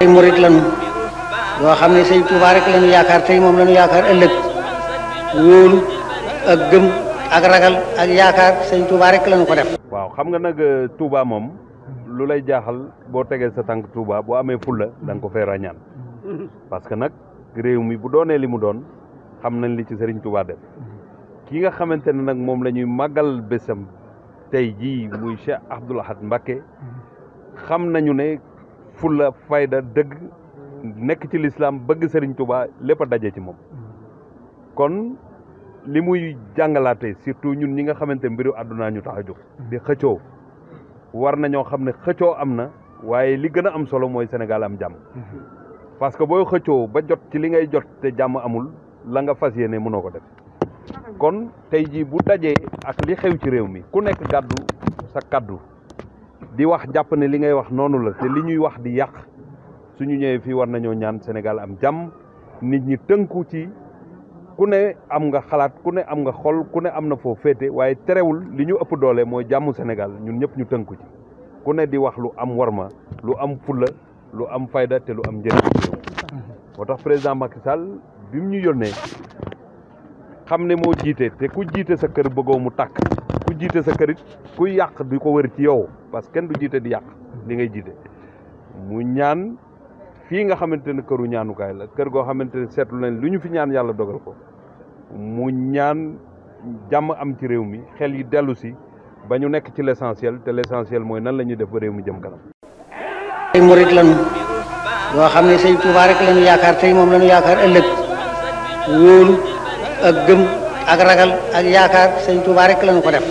ay murit xam ne sëñ Tuubaa rek lañu yaakaar tey moom lañu yaakaar ëllëg wóolu ak gëm ak ragal ak yaakaar sëñ Tuubaa rek lañu ko def. waaw xam nga nag euh, Touba moom lu lay jaaxal boo tegee sa tànk Touba boo amee fulla da ko fee ràññaan parce que nag réew mi bu doonee li mu doon xam nañ li ci sëriñ Touba def ki nga xamante ne nag moom lañuy ñuy màggal bésam tey jii muy Cheikh Abdoul Ahad xam nañu ne fulla fayda dëgg nekk ci lislaam bëgg Serigne Touba lépp a daje ci moom kon li muy jàngalaate surtout ñun ñi nga xamante mbiru àddunaa ñu tax a jóg di xëccoo war na ñoo xam ne xëccoo am na waaye li gën a am solo mooy Sénégal am jàmm parce que booy xëccoo ba jot ci li ngay jot te jàmm amul la nga fas yéene mënoo ko def kon tey jii bu dajee ak li xew ci réew mi ku nekk gàddu sa kàddu di wax jàpp ne li ngay wax noonu la te li ñuy wax di yàq suñu ñëwee fii war nañoo ñaan Sénégal am jàmm nit ñi tënku ci ku ne am nga xalaat ku ne am nga xol ku ne am na foo féete waaye terewul li ñu ëpp doole mooy jàmm Sénégal ñun ñëpp ñu tënku ci ku ne di wax lu am warma lu am fulla lu am fayda te lu am njëriñ moo tax président Macky bi mu ñu yónnee xam ne moo jiite te ku jiite sa kër bëggoo mu tàkk ku jiite sa kër it ku yàq di ko wër ci yow parce que kenn du jiite di yàq li ngay jiite mu ñaan fii nga xamante ne këru ñaanukaay la kër goo xamante ne seetlu nañ lu ñu fi ñaan yàlla dogal ko mu ñaan jàmm am ci réew mi xel yi dellu si ba ñu nekk ci l'essentiel te l'essentiel mooy nan la ñuy def ba réew mi jëm kanam. ay xam ne sëñ Tuubaa rek lañu yaakaar tey moom lañu yaakaar ëllëg wóolu ak gëm ak ragal ak yaakaar sëñ Tuubaa rek lañu ko def